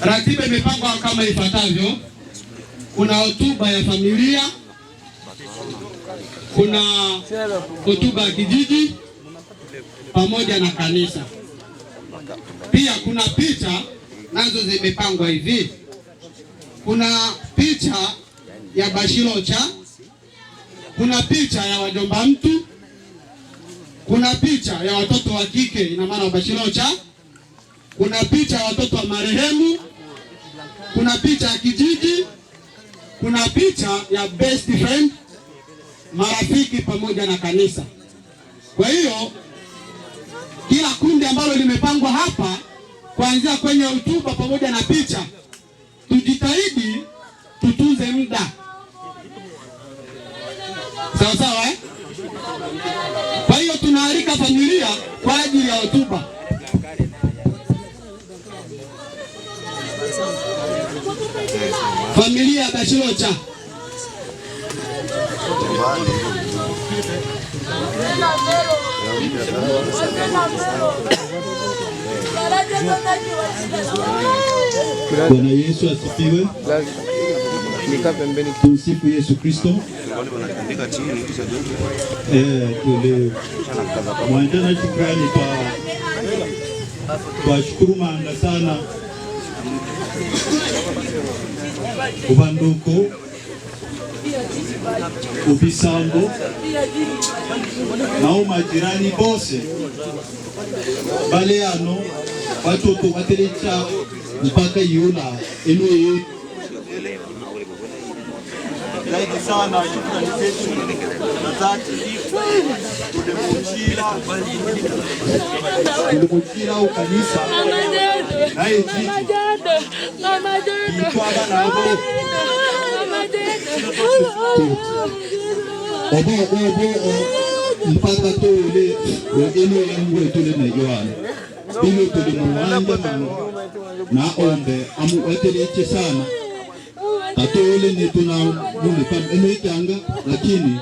Ratiba imepangwa kama ifuatavyo: kuna hotuba ya familia, kuna hotuba ya kijiji pamoja na kanisa, pia kuna picha nazo zimepangwa hivi. Kuna picha ya Bashirocha, kuna picha ya wajomba mtu, kuna picha ya watoto wa kike, ina maana wa Bashirocha, kuna picha ya watoto wa marehemu kuna picha ya kijiji, kuna picha ya best friend, marafiki pamoja na kanisa. Kwa hiyo kila kundi ambalo limepangwa hapa kuanzia kwenye hotuba pamoja na picha, tujitahidi tutunze muda sawa sawa, eh? Kwa hiyo tunaalika familia kwa ajili ya hotuba. familia ya Bwana Yesu asifiwe. Tumsifu Yesu Kristo. Mwanjana, shukrani kwa shukuru Manga sana kuva nduku na nao majirani bose bale ano watoto watelecha mpaka yula eno yetu zaidi sana shukrani ukanisa naye dede, mama dede, mama dede, mama dede. Obo obo mpaka tole wengine tole na Yohana ili tuli muwanja mano ombe amu sana katole ni tuna mune lakini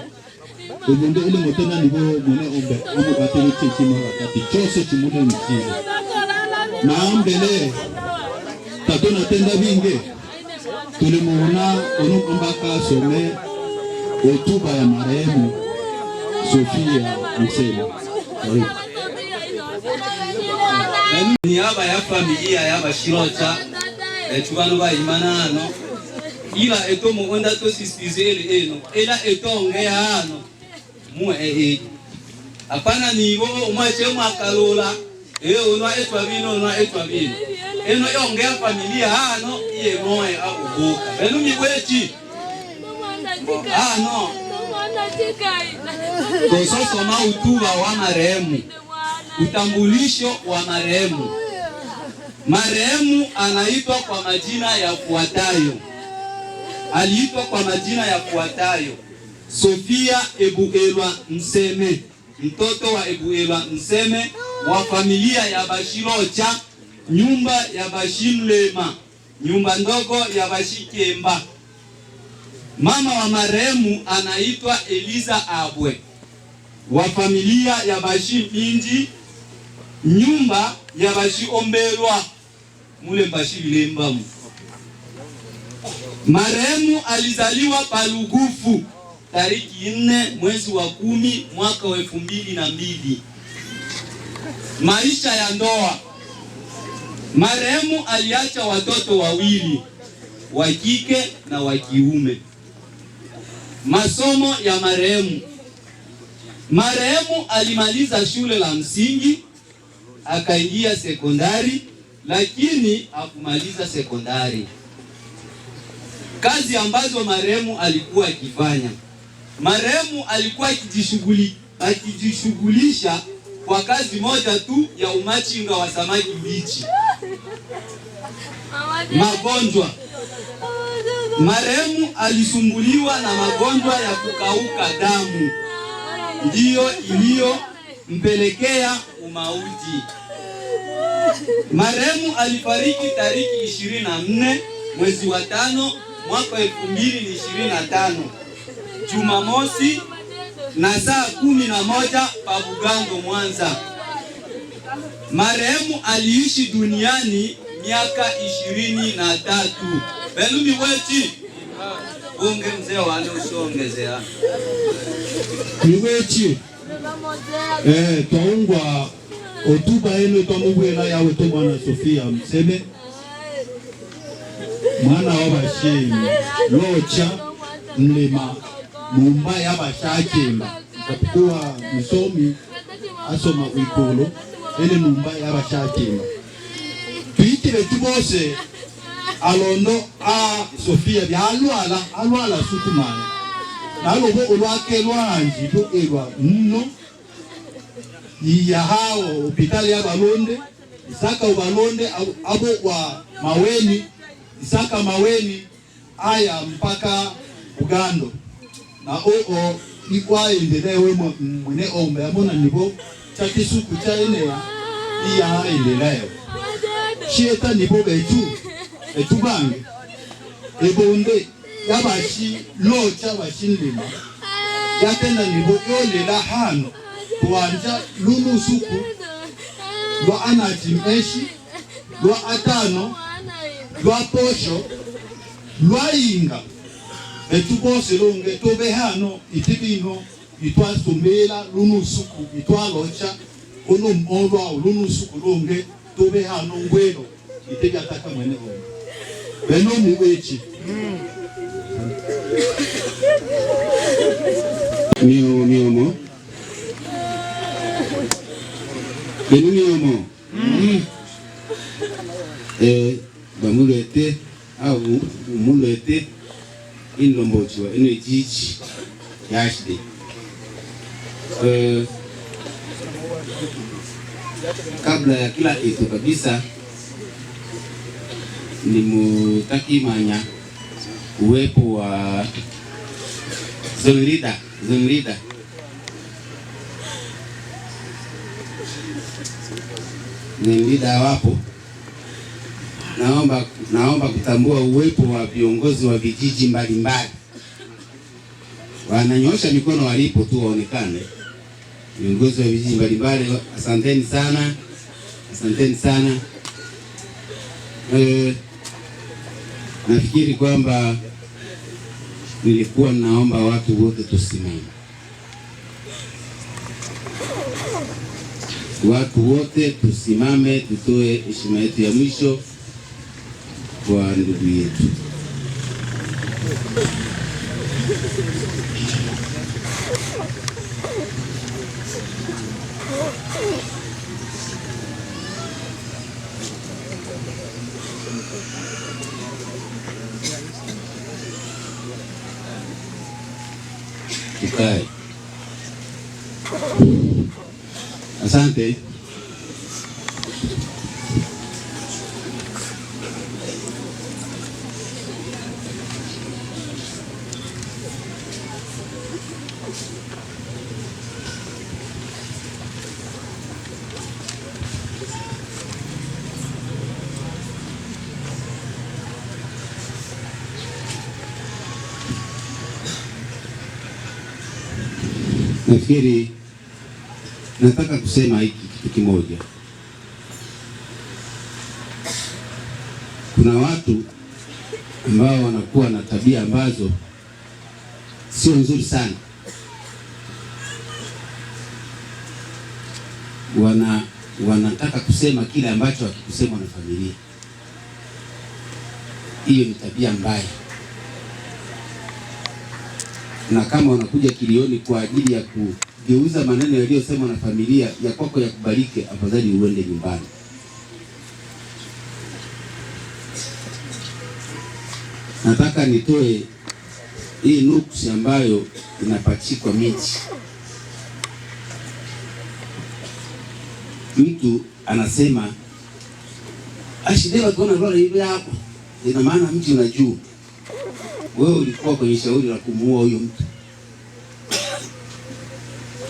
ubunde ile motena nibo mune ombe amu kateleche chose chimune mchizo tato natenda binge tulimuona onokombaka some hotuba ya marehemu Sofia Msela. niaba ya familia ya Bashirota etu eh, bano bayimana hano ila etomuonda eno ela etongea ano mue hapana eh, eh. apana nibo omwache mwakalola eonwa etwa bino onwa etwa bino eno yongea familia ano ah, iye moya akuvuka velumi kwechi hano ah, tososoma utuva wa marehemu utambulisho wa marehemu marehemu anaitwa kwa majina kuatayo aliitwa kwa majina kuatayo Sofia Ebuelwa Mseme mtoto wa Ebuelwa Mseme wa familia ya Bashilocha nyumba ya Bashilema, nyumba ndogo ya Bashikemba. Mama wa marehemu anaitwa Eliza Abwe wa familia ya Bashi Minji, nyumba ya Bashiomberwa mule Bashilemba. Marehemu alizaliwa Palugufu tariki nne mwezi wa kumi mwaka wa elfu mbili na mbili. Maisha ya ndoa Marehemu aliacha watoto wawili wa kike na wa kiume. Masomo ya marehemu. Marehemu alimaliza shule la msingi akaingia sekondari, lakini hakumaliza sekondari. Kazi ambazo marehemu alikuwa akifanya, marehemu alikuwa akijishughulisha kwa kazi moja tu ya umachinga wa samaki bichi magonjwa. Marehemu alisumbuliwa na magonjwa ya kukauka damu, ndiyo iliyompelekea umauti. Marehemu alifariki tariki 24 mwezi wa tano mwaka 2025 Jumamosi na saa kumi na moja pa Mwanza. Marehemu aliishi duniani miaka ishirini na tatu belumi weti unge mzee wane usiongezea iweti eh, twaungwa otuba eno twamubwela yawe to mwana Sofia mseme mwana wa bashemi locha mlema mumba ya bashakemba kapukuwa msomi asoma kwikolo ene mumba ya bashakemba kile tubose alondo a sofia bya alwala alwala sukumana nalobo olwake lwanji to elwa nno iya hao ya balonde isaka ubalonde abo ah, ah, wa maweni isaka maweni aya mpaka ugando na oo ikwaendelewe mwene ombe amona nibo chakisuku chaenea iya aendelewe shieta niboga etu etubange ebonde yabashi locha bashindima yatenda nibo yolela hano kuwanja lulu suku lwa meshi lwa atano lwa posho lwa inga etubose longe tobe hano itibino itwasomela lunu suku itwalocha olumolwa olunusuku longe tube hano ngwero itegataka mwene hono beno ni wechi niyo niyomo beno niyomo mm. eh bamulete au umulete inlombojwa ino ijiji yashde eh Kabla ya kila kitu kabisa, mutaki manya uwepo wa zone leader, zone leader. leader wapo, naomba naomba kutambua uwepo wa viongozi wa vijiji mbalimbali, wananyosha mikono walipo tu waonekane viongozi wa vijiji mbalimbali, asanteni sana, asanteni sana. E, nafikiri kwamba nilikuwa naomba watu wote tusimame, watu wote tusimame, tutoe heshima yetu ya mwisho kwa ndugu yetu. tukae. Asante. Nafikiri nataka kusema hiki kitu kimoja. Kuna watu ambao wanakuwa na tabia ambazo sio nzuri sana, wana wanataka kusema kile ambacho hakikusema na familia. Hiyo ni tabia mbaya na kama wanakuja kilioni kwa ajili ya kugeuza maneno yaliyosemwa na familia ya kwako yakubalike, afadhali uende nyumbani. Nataka nitoe hii nuksi ambayo inapachikwa miti. Mtu anasema ashidewa kuona roho ile hapo, ina maana mti unajua wewe ulikuwa kwenye shauri la kumuua huyo mtu.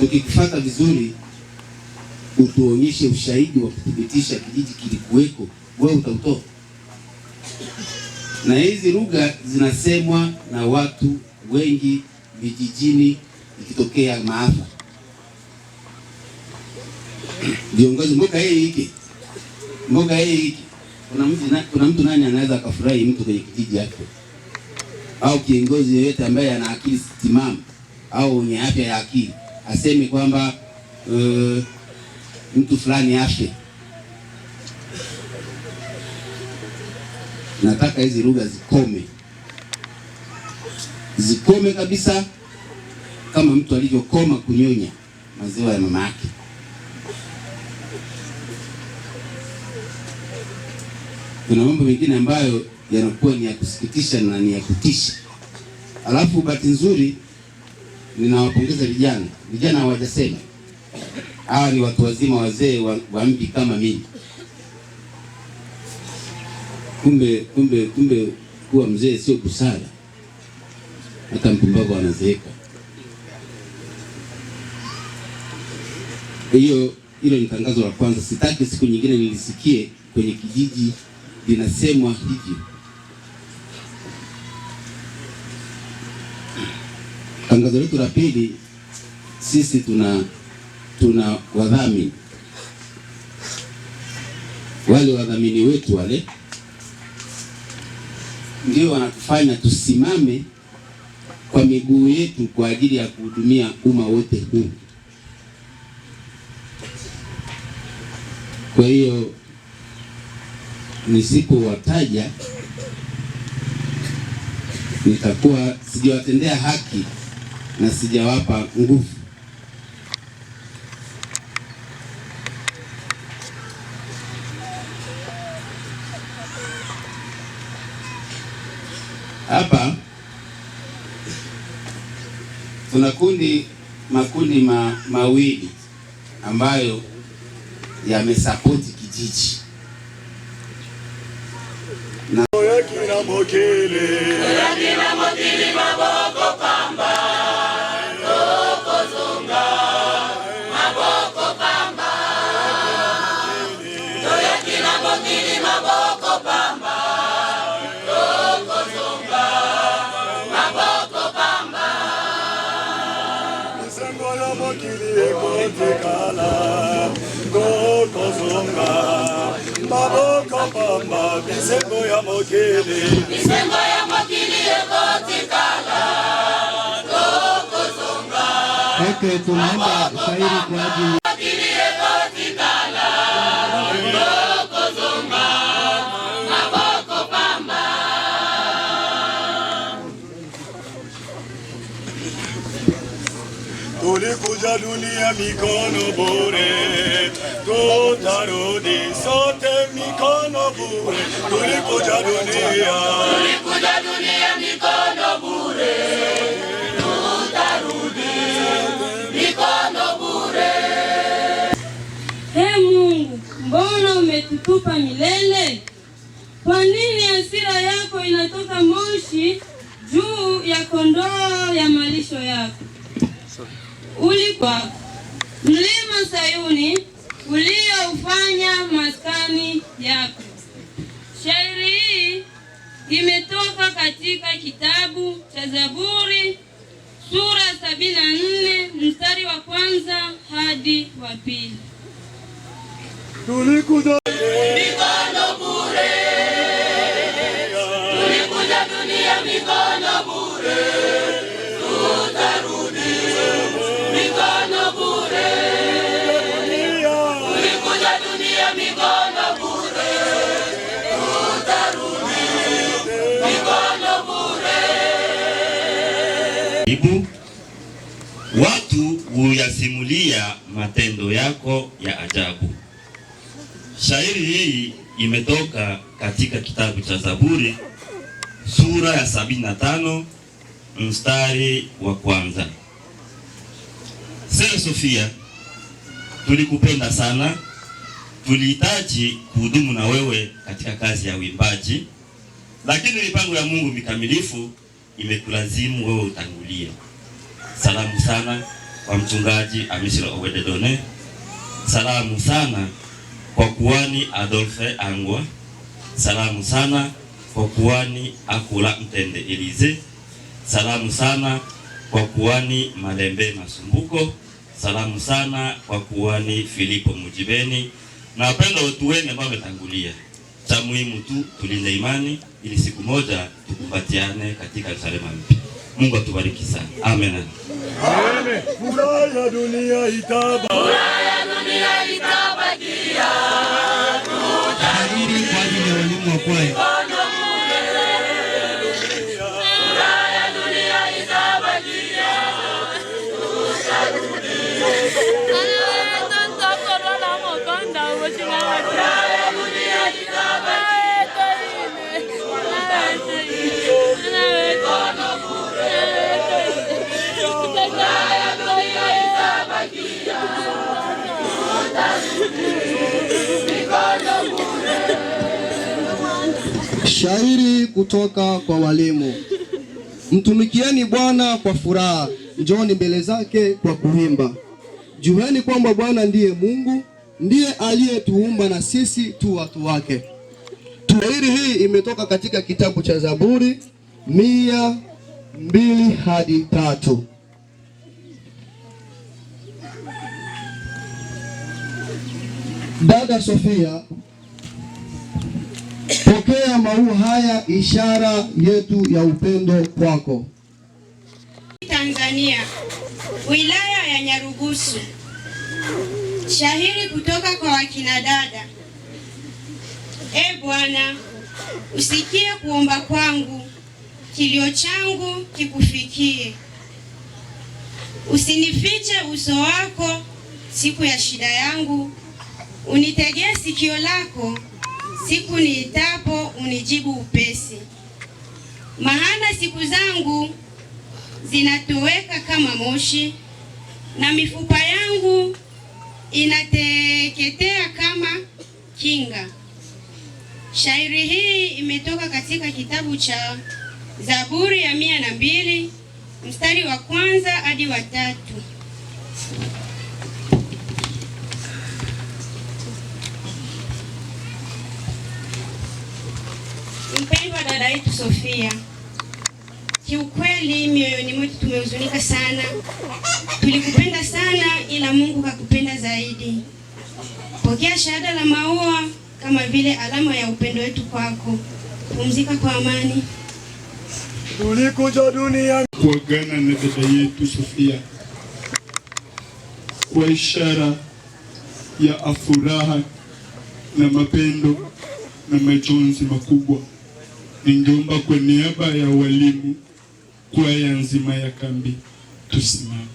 tukikufata vizuri, utuonyeshe ushahidi wa kuthibitisha kijiji kilikuweko, wewe utautoa. Na hizi lugha zinasemwa na watu wengi vijijini, ikitokea maafa viongozi mboga hii hiki mboga hii hiki, kuna mtu nani anaweza akafurahi mtu kwenye kijiji yake? au kiongozi yeyote ambaye ana akili timamu au mwenye afya ya akili aseme kwamba uh, mtu fulani afe. Nataka hizi lugha zikome, zikome kabisa, kama mtu alivyokoma kunyonya maziwa ya mama yake. Kuna mambo mengine ambayo yanakuwa ni ya kusikitisha na ni ya kutisha. Alafu bahati nzuri ninawapongeza vijana. Vijana hawajasema, hawa ni watu wazima, wazee wa, wa mji kama mimi. Kumbe kumbe kumbe kuwa mzee sio busara, hata mpumbavu anazeeka. Hiyo hilo ni tangazo la kwanza. Sitaki siku nyingine nilisikie kwenye kijiji linasemwa hivi. Tangazo letu la pili, sisi tuna tuna wadhamini wale wadhamini wetu wale ndio wanatufanya tusimame kwa miguu yetu kwa ajili ya kuhudumia umma wote huu. Kwa hiyo nisipowataja nitakuwa sijawatendea haki na sijawapa nguvu. Hapa kuna kundi makundi ma, mawili ambayo yamesapoti kijiji na mapamba, misengo ya mokili, misengo ya mokili ekotikala tokosonga, eke tunaimba shairi kwa ajili dunia mikono bure, tutarudi sote mikono bure. Tulikuja dunia, tulikuja dunia mikono bure, mikono bure. Ee Mungu, mbona umetutupa milele? Kwa nini hasira yako inatoka moshi juu ya kondoo ya malisho yako? ulikuwa mlima Sayuni ulioufanya maskani yako. Shairi hii imetoka katika kitabu cha Zaburi sura 74 mstari wa kwanza hadi wa pili. simulia matendo yako ya ajabu. Shairi hii imetoka katika kitabu cha Zaburi sura ya 75 mstari wa kwanza. Sera Sofia, tulikupenda sana, tulihitaji kuhudumu na wewe katika kazi ya uimbaji, lakini mipango ya Mungu mikamilifu imekulazimu wewe utangulie. Salamu sana kwa mchungaji Amisiro Owededone, salamu sana kwa kuani Adolphe Angwa, salamu sana kwa kuani Akula Mtende Elize, salamu sana kwa kuani Malembe Masumbuko, salamu sana kwa kuani Filipo Mujibeni na wapenda watu wengi ambao wametangulia. Cha muhimu tu tulinde imani ili siku moja tukumbatiane katika Yerusalemu mpya. Mungu atubariki sana. Amen. Furaha ya dunia itabakia. Karibuni kwa ajili ya walimu wa kwaya. Shairi kutoka kwa walimu. Mtumikieni Bwana kwa furaha, njoni mbele zake kwa kuimba. Jueni kwamba Bwana ndiye Mungu, ndiye aliyetuumba na sisi tu watu wake. Shairi hii imetoka katika kitabu cha Zaburi mia mbili hadi tatu. Dada Sofia Pokea maua haya, ishara yetu ya upendo kwako. Tanzania, wilaya ya Nyarugusu. shahiri kutoka kwa wakina dada. E Bwana, usikie kuomba kwangu, kilio changu kikufikie. Usinifiche uso wako siku ya shida yangu, unitegee sikio lako siku niitapo unijibu upesi, maana siku zangu zinatoweka kama moshi, na mifupa yangu inateketea kama kinga. Shairi hii imetoka katika kitabu cha Zaburi ya mia na mbili mstari wa kwanza hadi wa tatu. dada yetu Sofia. Kiukweli mioyoni mwetu tumehuzunika sana, tulikupenda sana ila Mungu kakupenda zaidi. Pokea shahada la maua kama vile alama ya upendo wetu kwako. Pumzika kwa amani. Tulikuja dunia kuagana na dada yetu Sofia kwa ishara ya afuraha na mapendo na majonzi makubwa ningeomba kwa niaba ya walimu kwaya nzima ya kambi tusimame.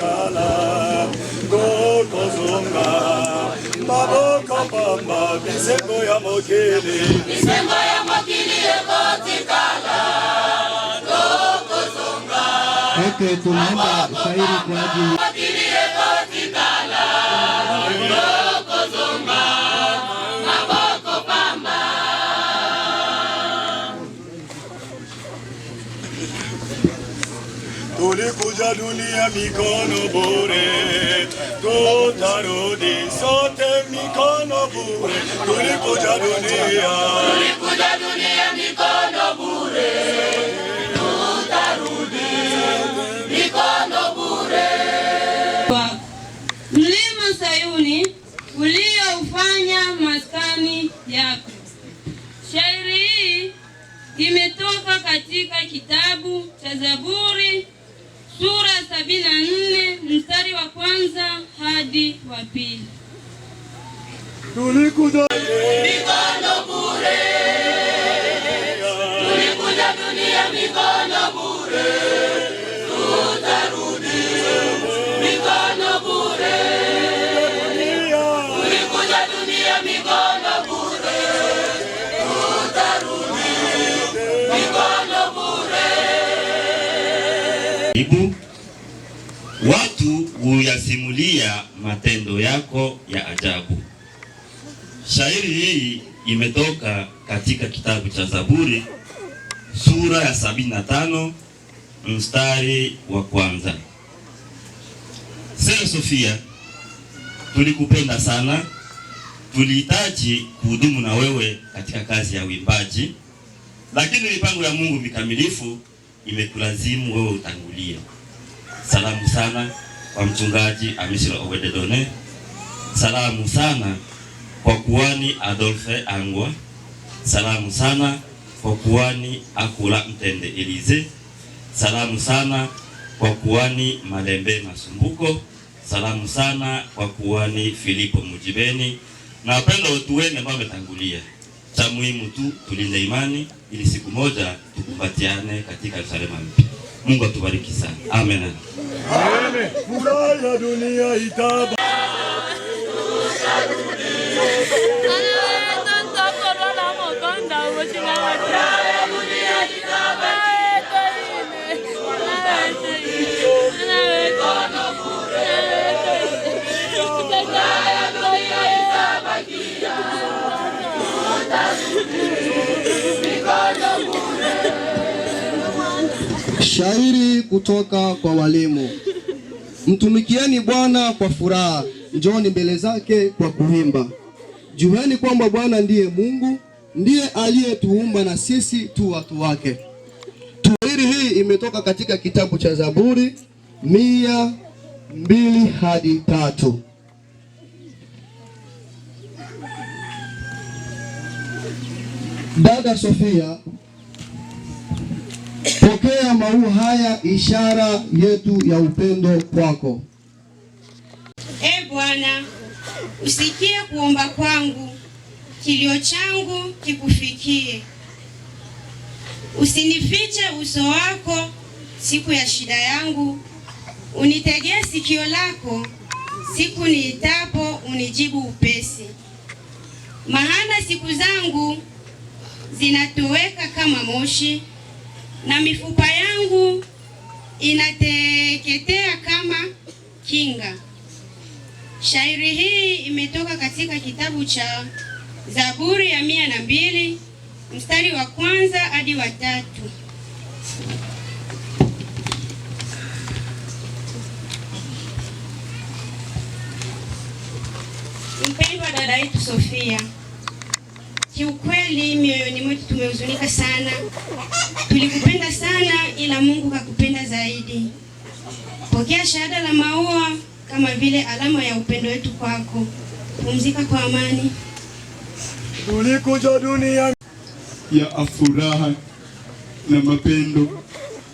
kala kokozonga maboko pamba bisembo ya mokili bisembo ya mokili ekotikala kokozonga eke tunaenda shairi kwa ajili mokili ekotikala kuja dunia mikono bure, tutarudi sote mikono bure. Tulikuja dunia, tulikuja dunia mikono bure, tutarudi mikono bure. Mlima Sayuni ulioufanya maskani yako. Shairi hii imetoka katika kitabu cha Zaburi sura ya sabini na nne mstari wa kwanza hadi wa pili. yako ya ajabu. Shairi hii imetoka katika kitabu cha Zaburi sura ya 75 mstari wa kwanza. Sera Sofia, tulikupenda sana, tulihitaji kuhudumu na wewe katika kazi ya uimbaji, lakini mipango ya Mungu mikamilifu imekulazimu wewe utangulie. Salamu sana kwa mchungaji Amisira Owededone. Salamu sana kwa kuwani Adolphe Angwa, salamu sana kwa kuwani Akula Mtende Elize, salamu sana kwa kuwani Malembe Masumbuko, salamu sana kwa kuwani Filipo Mujibeni na wapenda watu wengi ambao wametangulia. Cha muhimu tu tulinde imani ili siku moja tukumbatiane katika Yerusalemu mpya. Mungu atubariki sana. Amen. Amen. Amen. Shairi kutoka kwa walimu. Mtumikieni Bwana kwa furaha njooni mbele zake kwa kuimba. Jueni kwamba Bwana ndiye Mungu, ndiye aliyetuumba na sisi tu watu wake. Tuwiri hii imetoka katika kitabu cha Zaburi mia mbili hadi tatu. Dada Sofia, pokea maua haya, ishara yetu ya upendo kwako. Bwana, usikie kuomba kwangu, kilio changu kikufikie. Usinifiche uso wako siku ya shida yangu, unitegee sikio lako siku niitapo, unijibu upesi, maana siku zangu zinatoweka kama moshi na mifupa yangu inateketea kama kinga. Shairi hii imetoka katika kitabu cha Zaburi ya mia na mbili mstari wa kwanza hadi wa tatu. Mpendwa dada yetu Sofia, kiukweli mioyoni mwetu tumehuzunika sana. Tulikupenda sana, ila Mungu kakupenda zaidi. Pokea shahada la maua kama vile alama ya upendo wetu kwako. Pumzika kwa amani. Tulikuja dunia ya afuraha na mapendo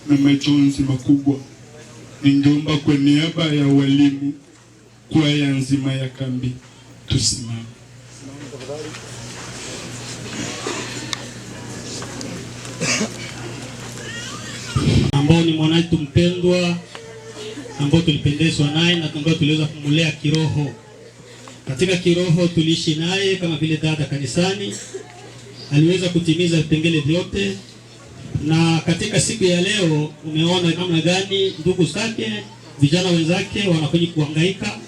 na majonzi makubwa. Ningeomba kwa niaba ya walimu, kwaya nzima ya kambi, tusimame. ambao ni mwanaitu mpendwa ambao tulipendezwa naye na ambao tuliweza kumulea kiroho. Katika kiroho tuliishi naye kama vile dada kanisani, aliweza kutimiza vipengele vyote, na katika siku ya leo umeona namna gani ndugu zake vijana wenzake wanakuja kuhangaika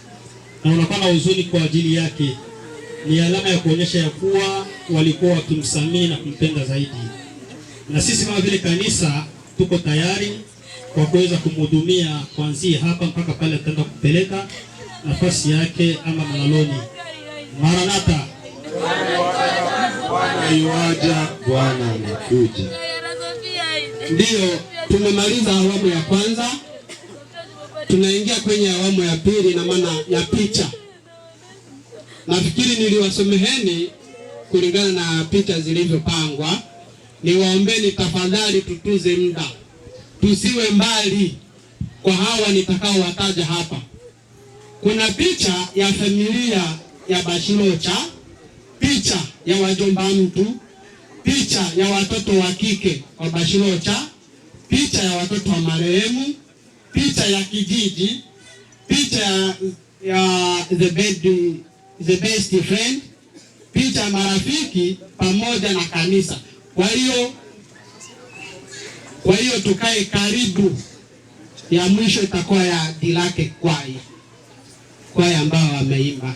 na wanakuwa na huzuni kwa ajili yake. Ni alama ya kuonyesha ya kuwa walikuwa wakimsamii na kumpenda zaidi, na sisi kama vile kanisa tuko tayari kwa kuweza kumhudumia kuanzia hapa mpaka pale ataenda kupeleka nafasi yake ama malaloni. Maranata, Bwana yuaja, Bwana anakuja. Ndiyo, tumemaliza awamu ya kwanza, tunaingia kwenye awamu ya pili, na maana ya picha. Nafikiri niliwasomeheni kulingana na picha zilivyopangwa. Niwaombeni tafadhali tutuze muda tusiwe mbali kwa hawa nitakaowataja hapa. Kuna picha ya familia ya Bashirocha, picha ya wajomba mtu, picha ya watoto wa kike wa Bashirocha, picha ya watoto wa marehemu, picha ya kijiji, picha ya, ya the, bed, the best friend, picha ya marafiki pamoja na kanisa. Kwa hiyo kwa hiyo tukae karibu, ya mwisho itakuwa ya Dilake kwaya, kwaya ambao wameimba